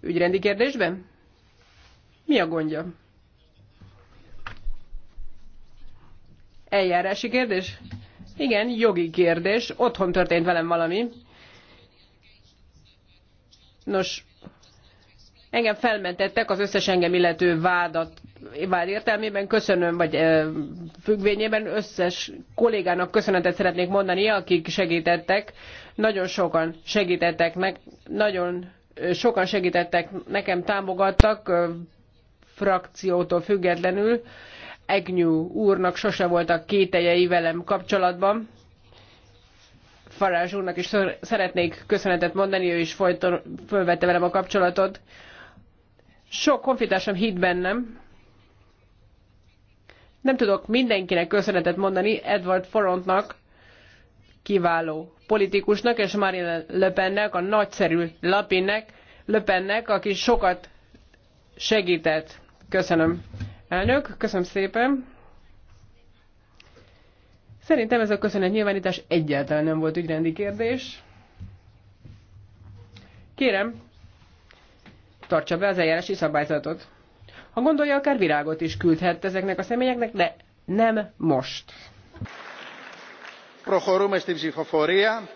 Ügyrendi kérdésben? Mi a gondja? Eljárási kérdés? Igen, jogi kérdés. Otthon történt velem valami. Nos, engem felmentettek az összes engem illető vádat, vád értelmében, köszönöm, vagy e, függvényében összes kollégának köszönetet szeretnék mondani, akik segítettek. Nagyon sokan segítettek meg, nagyon sokan segítettek, nekem támogattak, frakciótól függetlenül. Egnyú úrnak sose voltak kételjei velem kapcsolatban. Farázs úrnak is szeretnék köszönetet mondani, ő is folyton fölvette velem a kapcsolatot. Sok konfitársam hitt bennem. Nem tudok mindenkinek köszönetet mondani, Edward Forontnak, kiváló politikusnak, és Marine Le Pennek, a nagyszerű Lapinnek, Le Pennek, aki sokat segített. Köszönöm. Elnök, köszönöm szépen. Szerintem ez a köszönet nyilvánítás egyáltalán nem volt ügyrendi kérdés. Kérem, tartsa be az eljárási szabályzatot. Ha gondolja, akár virágot is küldhet ezeknek a személyeknek, de nem most. Προχωρούμε στην ψηφοφορία.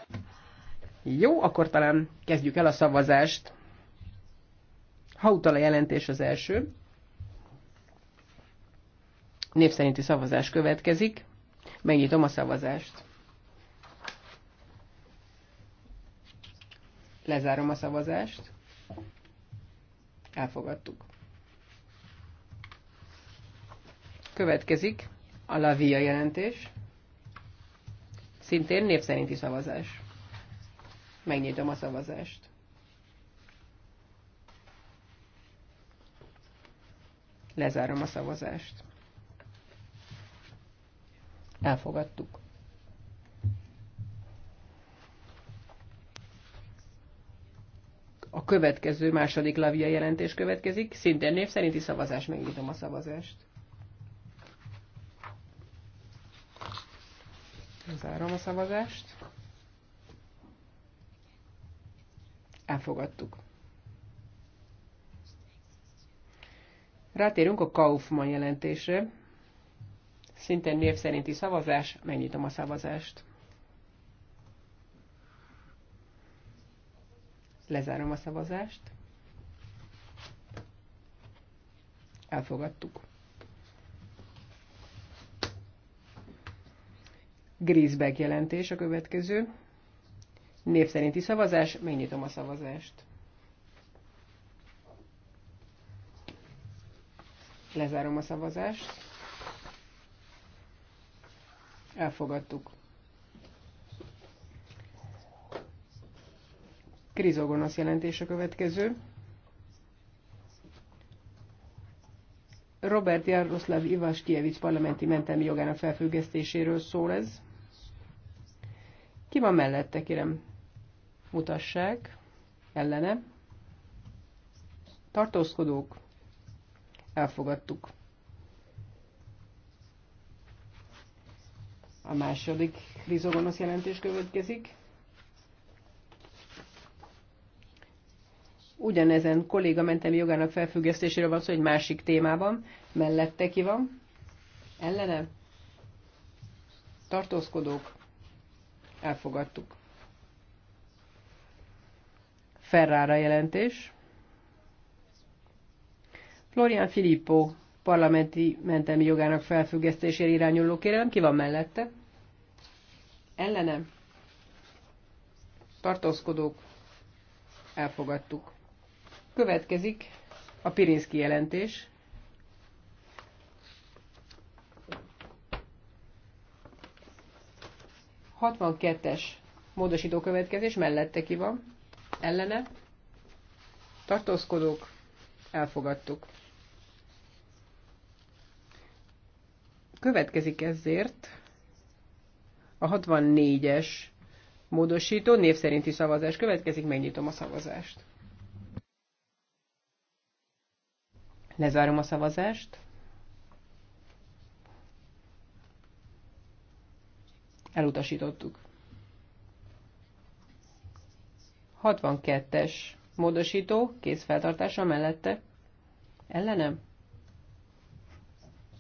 Jó, akkor talán kezdjük el a szavazást. Hautala jelentés az első. Népszerinti szavazás következik. Megnyitom a szavazást. Lezárom a szavazást. Elfogadtuk. Következik a Lavia jelentés szintén név szerinti szavazás. Megnyitom a szavazást. Lezárom a szavazást. Elfogadtuk. A következő második lavia jelentés következik, szintén név szerinti szavazás, megnyitom a szavazást. Zárom a szavazást. Elfogadtuk. Rátérünk a Kaufman jelentésre. Szintén név szerinti szavazás, megnyitom a szavazást. Lezárom a szavazást. Elfogadtuk. Grisbeck jelentés a következő. Név szerinti szavazás, megnyitom a szavazást. Lezárom a szavazást. Elfogadtuk. Krizogonosz jelentés a következő. Robert Jaroszláv Ivaskievics parlamenti mentelmi jogának felfüggesztéséről szól ez. Ki van mellette, kérem? Mutassák. Ellene. Tartózkodók. Elfogadtuk. A második rizogonosz jelentés következik. Ugyanezen kolléga mentemi jogának felfüggesztéséről van szó egy másik témában. Mellette ki van? Ellene? Tartózkodók? Elfogadtuk. Ferrara jelentés. Florian Filippo parlamenti mentelmi jogának felfüggesztésére irányuló kérelem. Ki van mellette? Ellenem. Tartózkodók. Elfogadtuk. Következik a Pirinszki jelentés. 62-es módosító következés mellette ki van, ellene, tartózkodók, elfogadtuk. Következik ezért a 64-es módosító név szerinti szavazás következik, megnyitom a szavazást. Lezárom a szavazást. Elutasítottuk. 62-es módosító kézfeltartása mellette. Ellenem?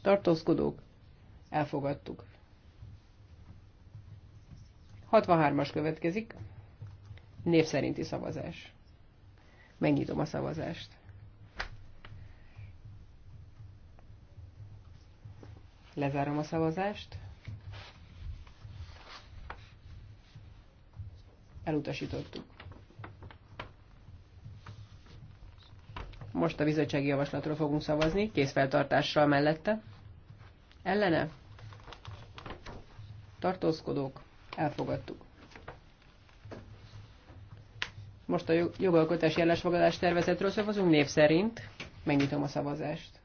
Tartózkodók. Elfogadtuk. 63-as következik. Név szerinti szavazás. Megnyitom a szavazást. Lezárom a szavazást. elutasítottuk. Most a bizottsági javaslatról fogunk szavazni, készfeltartással mellette. Ellene? Tartózkodók, elfogadtuk. Most a jogalkotási ellensfogadás tervezetről szavazunk név szerint. Megnyitom a szavazást.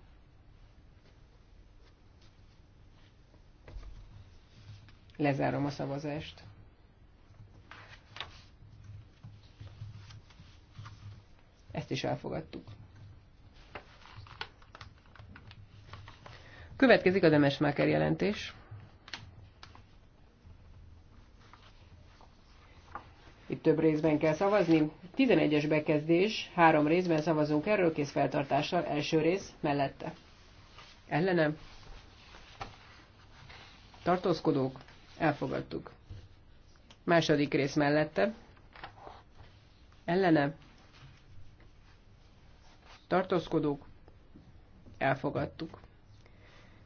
Lezárom a szavazást. ezt is elfogadtuk. Következik a Demesmáker jelentés. Itt több részben kell szavazni. 11-es bekezdés, három részben szavazunk erről, kész feltartással, első rész mellette. Ellenem. Tartózkodók, elfogadtuk. Második rész mellette. Ellenem tartózkodók, elfogadtuk.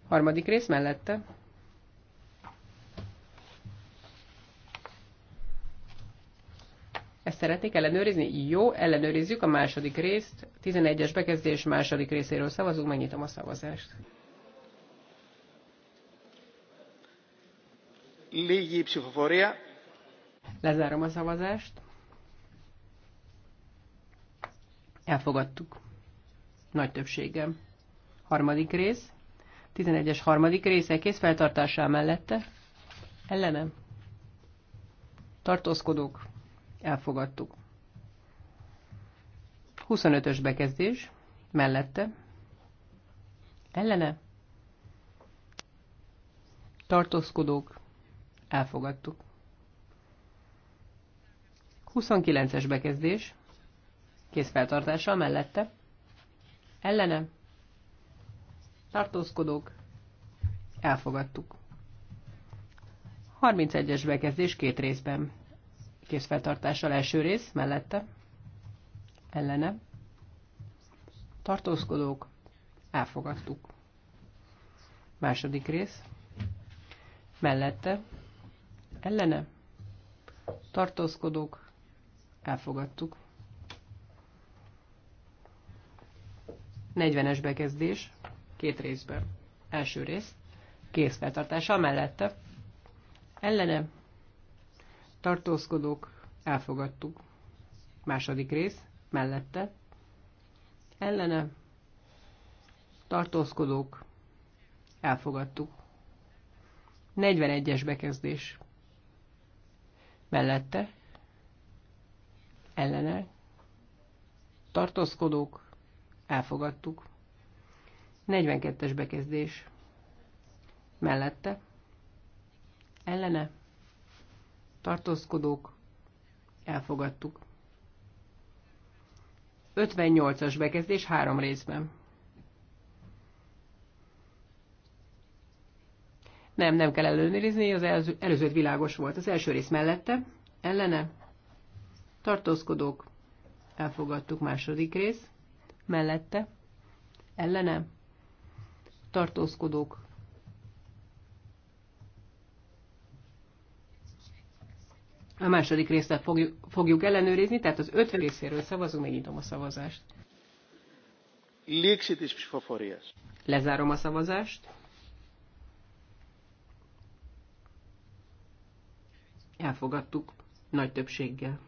Harmadik rész mellette. Ezt szeretnék ellenőrizni? Jó, ellenőrizzük a második részt. 11-es bekezdés második részéről szavazunk, megnyitom a szavazást. Légi pszichoforia. Lezárom a szavazást. Elfogadtuk. Nagy többsége. Harmadik rész. 11-es harmadik része kész feltartásá mellette. Ellenem. Tartózkodók. Elfogadtuk. 25-ös bekezdés. Mellette. Ellene. Tartózkodók. Elfogadtuk. 29-es bekezdés. feltartása mellette ellene tartózkodók elfogadtuk. 31-es bekezdés két részben. Készfeltartással első rész mellette ellene tartózkodók elfogadtuk. Második rész mellette ellene tartózkodók elfogadtuk. 40-es bekezdés, két részben. Első rész, készfeltartása mellette. Ellene tartózkodók, elfogadtuk. Második rész, mellette. Ellene tartózkodók, elfogadtuk. 41-es bekezdés. Mellette, ellene, tartózkodók, Elfogadtuk. 42-es bekezdés. Mellette. Ellene. Tartózkodók. Elfogadtuk. 58-as bekezdés három részben. Nem, nem kell előnézni, az előző, előzőt világos volt. Az első rész mellette, ellene, tartózkodók, elfogadtuk második rész, mellette, ellene, tartózkodók. A második részlet fogjuk, fogjuk ellenőrizni, tehát az öt részéről szavazunk, megnyitom a szavazást. is Lezárom a szavazást. Elfogadtuk nagy többséggel.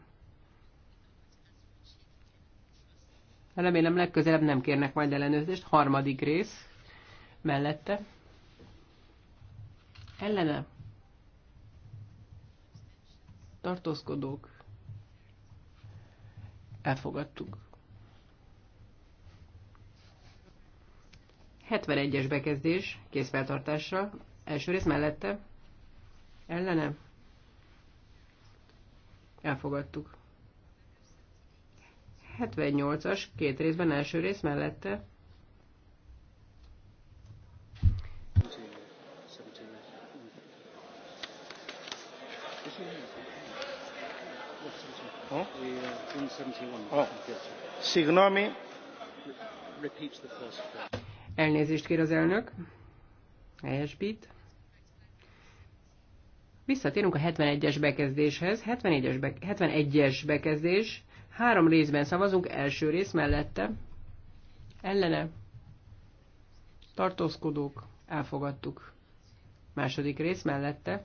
Remélem legközelebb nem kérnek majd ellenőrzést. Harmadik rész mellette. Ellene. Tartózkodók. Elfogadtuk. 71-es bekezdés készfeltartásra. Első rész mellette. Ellene. Elfogadtuk. 78-as, két részben, első rész mellette. Oh. Signomi. Elnézést kér az elnök. bit. Visszatérünk a 71-es bekezdéshez. 71-es be, 71 bekezdés. Három részben szavazunk, első rész mellette. Ellene. Tartózkodók. Elfogadtuk. Második rész mellette.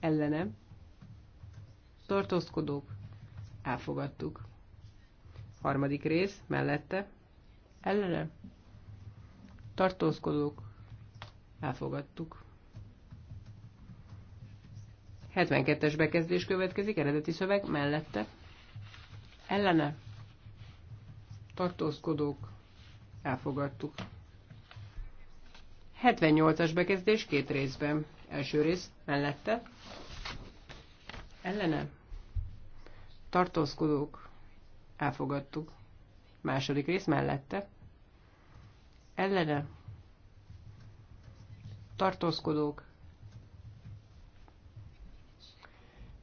Ellene. Tartózkodók. Elfogadtuk. Harmadik rész mellette. Ellene. Tartózkodók. Elfogadtuk. 72-es bekezdés következik, eredeti szöveg mellette ellene tartózkodók elfogadtuk. 78-as bekezdés két részben. Első rész mellette ellene tartózkodók elfogadtuk. Második rész mellette ellene tartózkodók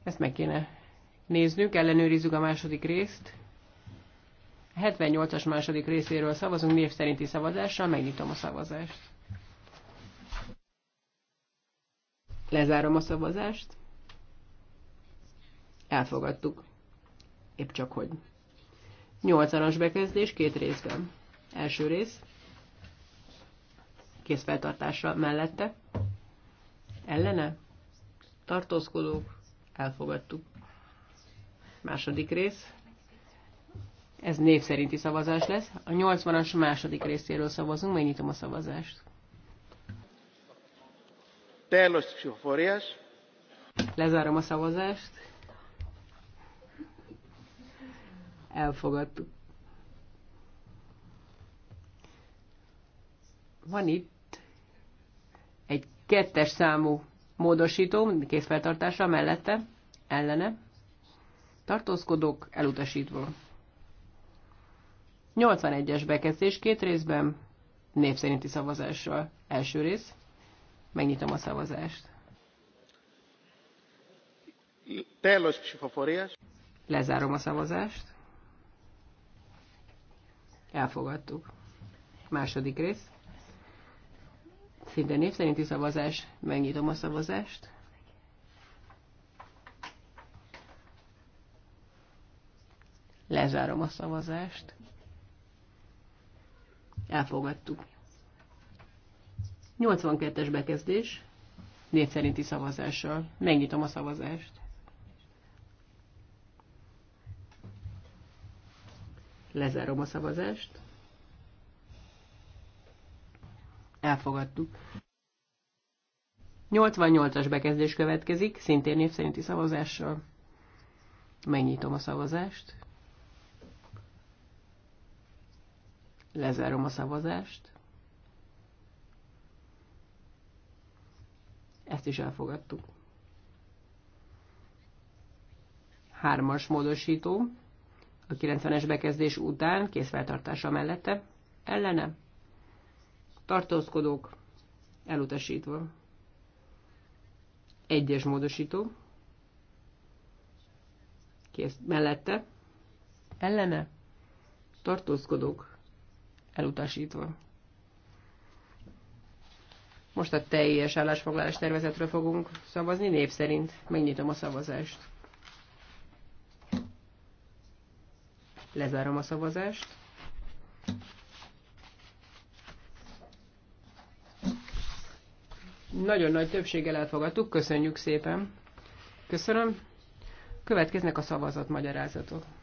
ezt meg kéne néznünk, ellenőrizzük a második részt. 78-as második részéről szavazunk név szerinti szavazással, megnyitom a szavazást. Lezárom a szavazást. Elfogadtuk. Épp csak hogy. 8. as bekezdés két részben. Első rész. Kész feltartása mellette. Ellene. Tartózkodók. Elfogadtuk második rész. Ez név szerinti szavazás lesz. A 80-as második részéről szavazunk, megnyitom a szavazást. Lezárom a szavazást. Elfogadtuk. Van itt egy kettes számú módosító, készfeltartása mellette, ellene, tartózkodók elutasítva. 81-es bekezdés két részben, név szerinti szavazással. Első rész, megnyitom a szavazást. Lezárom a szavazást. Elfogadtuk. Második rész. Szinte név szerinti szavazás. Megnyitom a szavazást. Lezárom a szavazást. Elfogadtuk. 82-es bekezdés. Név szerinti szavazással. Megnyitom a szavazást. Lezárom a szavazást. Elfogadtuk. 88-as bekezdés következik, szintén név szerinti szavazással. Megnyitom a szavazást. Lezárom a szavazást. Ezt is elfogadtuk. Hármas módosító. A 90-es bekezdés után készfeltartása mellette. Ellene. Tartózkodók. Elutasítva. Egyes módosító. Kész. Mellette. Ellene. Tartózkodók elutasítva. Most a teljes állásfoglalás tervezetről fogunk szavazni, név szerint. Megnyitom a szavazást. Lezárom a szavazást. Nagyon nagy többséggel elfogadtuk, köszönjük szépen. Köszönöm. Következnek a szavazatmagyarázatok. magyarázatok.